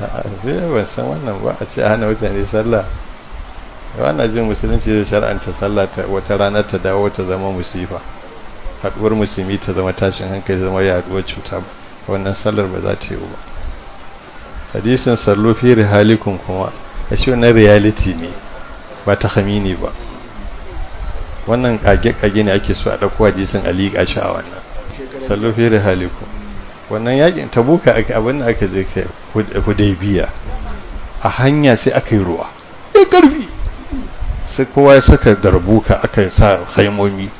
zai eh, ban san wannan ba a ce hana mutane sallah wannan jin musulunci zai shar'anta sallah wata ranar ta dawo ta zama musifa Haɗuwar musulmi ta zama tashin hankali zama yaduwar cuta wannan sallar ba za ta yi ba hadisin sallu fi rihalikun kuma a shi wannan reality ne ba ta hamini ba wannan kage-kage ne ake so a ɗauko hadisin aliƙa shi a wannan sallu fi rihalikun wannan yakin ta buka abin da aka je kai hudaibiya a hanya sai aka yi ruwa ya karfi sai kowa ya saka darbuka aka sa haimomi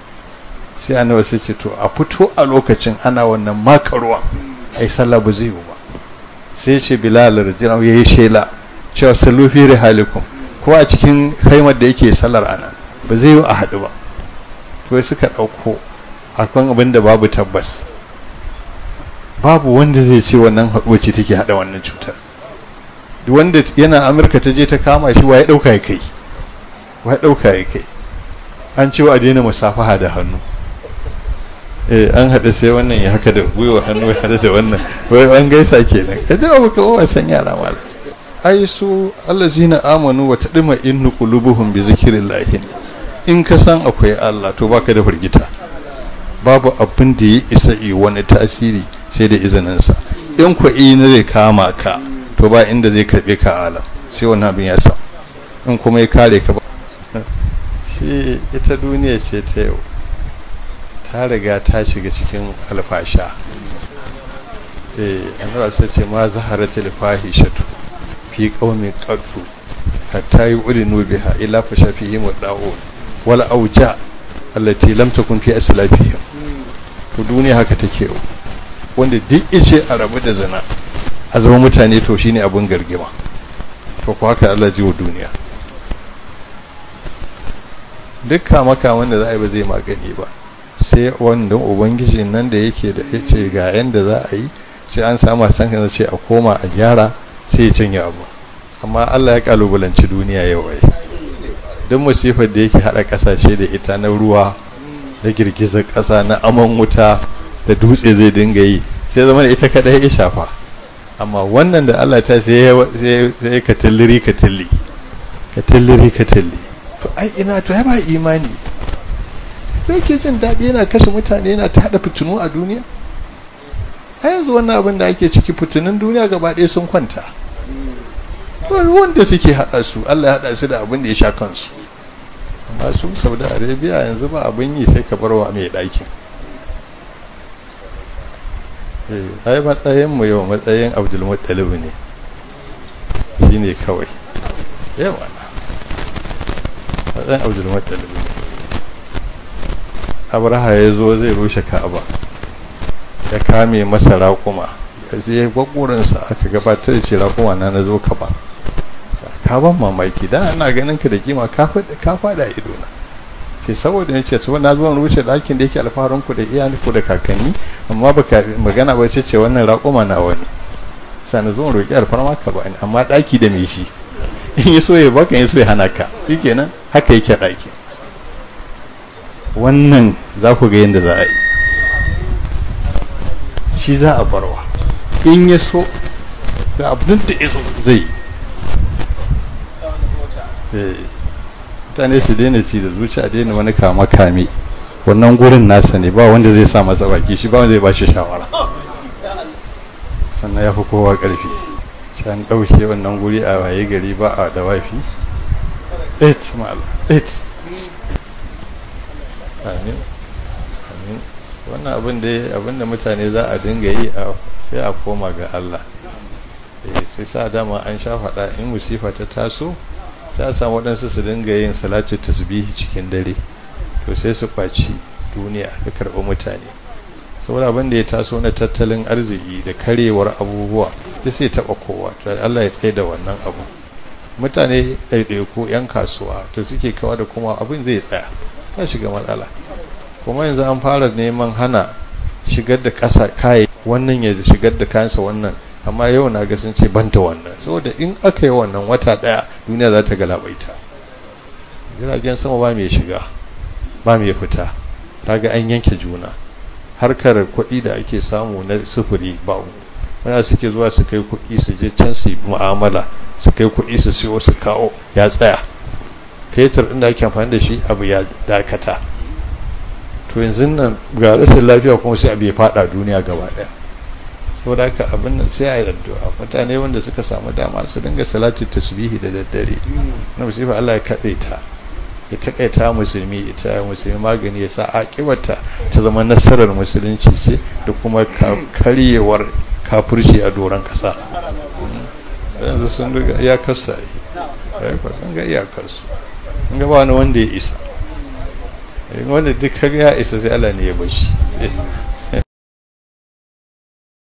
sai ana sai ce a fito a lokacin ana wannan makarwa a sallah ba zai yi ba sai ce bilal ya yi shela cewa salufi rihalikum ko a cikin haimar da yake sallar ana ba zai yi a haɗu ba to suka ɗauko akwai abin da babu tabbas babu wanda zai ce wannan haɗuwa take haɗa wannan cutar wanda yana amurka ta je ta kama shi wa ya ɗauka ya kai wa ya ɗauka ya kai an ce wa a daina musafaha da hannu eh an haɗa sai wannan ya haka da gwiwa hannu ya haɗa da wannan wai an gaisa kenan ka ji abu ka wasan yara ma ai su allazina amanu wa tadma innu qulubuhum bi zikrillah in ka san akwai Allah to baka da firgita babu abin da ya isa wani tasiri sai da izininsa in ku na zai kama ka to ba inda zai karbe ka alam sai wannan abin ya sa in kuma ya kare ka ba shi ita duniya ce ta yau ta riga ta shiga cikin alfasha eh annabi sai ce ma zaharatul fahishatu fi qaumi qaddu hatta yu'linu biha ila fashafihim da'un wal auja allati lam takun fi aslafihim to duniya haka take yau wanda duk ice a rabu da zina a zama mutane to shine abin gargima to ku haka Allah zai wa duniya duk kama-kaman da za a yi ba zai magani ba sai wanda ubangiji nan da yake da ya ce ga yadda za a yi sai an samu san kan ce a koma a gyara sai ya canja abu amma Allah ya kalubalanci duniya yau ai duk masifar da yake hada kasashe da ita na ruwa da girgizar kasa na aman wuta da dutse zai dinga yi sai zama ita kadai ya shafa amma wannan da Allah ta sai ya ka katilli ka katilli to ai ina to ya ba imani to yake jin daɗi yana kashe mutane yana ta haɗa fitinu a duniya a yanzu wannan abin da ake ciki fitinun duniya gaba ɗaya sun kwanta wanda suke haɗa su Allah ya haɗa su da abin da ya sha kansu amma su saudi arabia yanzu ba abin yi sai ka barwa mai ɗakin Eh, ai matsayin mu yau matsayin abdul shi ne kawai yawa matsayin abdul muttalib ne abraha ya zo zai rushe ka'aba ya kame masa raƙuma ya gwaggwarinsa aka gabatar da ce raƙuma na na zo ka ba ka ban mamaki da ana ganin ka da kima ka faɗa ido na Sai saboda ne ce su na zuwan rushe ɗakin da yake alfaharin ku da iya ku da kakanni amma baka magana ba ce ce wannan raƙoma na wani sani zuwan roƙi alfarma ka ba amma ɗaki da mai shi in ya so ya baka in ya so ya hana ka kenan haka yake ɗaki wannan za ku ga yadda za a yi shi za a barwa in ya so da abin da ya so zai yi eh. mutane su daina ci da zuciya daina wani kama kame wannan gurin nasa ne ba wanda zai sa masa baki shi ba wanda zai bashi shawara sannan ya fi kowa ƙarfi can ɗauke wannan guri a waye gari ba a da wafi 8 mal 8 amin amin wannan abin da abin da mutane za a dinga yi a sai a koma ga Allah eh, sai sa dama an sha faɗa in musifa ta taso sai a samu waɗansu su dinga yin salatu tasbihi cikin dare to sai su kwaci duniya da karɓi mutane saboda abin da ya taso na tattalin arziki da karewar abubuwa da sai taɓa kowa to Allah ya tsaye da wannan abu mutane ɗaiɗaiku 'yan kasuwa to suke kawa da kuma abin zai tsaya ta shiga matsala kuma yanzu an fara neman hana shigar da ƙasa kayan wannan ya shigar da kansa wannan amma yau na ga sun ce banta wannan saboda in aka yi wannan wata daya duniya za ta galabaita jiragen sama ba mai shiga ba mai fita ta ga an yanke juna harkar kuɗi da ake samu na sufuri ba wanda suke zuwa su kai kuɗi su je can su mu'amala su kai kuɗi su siyo su kawo ya tsaya fetur ɗin ake amfani da shi abu ya dakata to yanzu nan ga rashin lafiya kuma sai abu ya faɗa duniya gaba ɗaya saboda ka abin nan sai a yi addu'a mutane wanda suka samu dama su dinga salatu tasbihi da daddare na musifa Allah ya katse ta ya takaita musulmi ita musulmi magani ya sa akibata ta zama nasarar musulunci ce da kuma karyewar kafirci a doron kasa yanzu sun ga iyakarsa eh, yi sun ga iyakarsu sun ga ba wani wanda ya isa eh, wanda duk ya isa sai Allah ne ya bashi eh,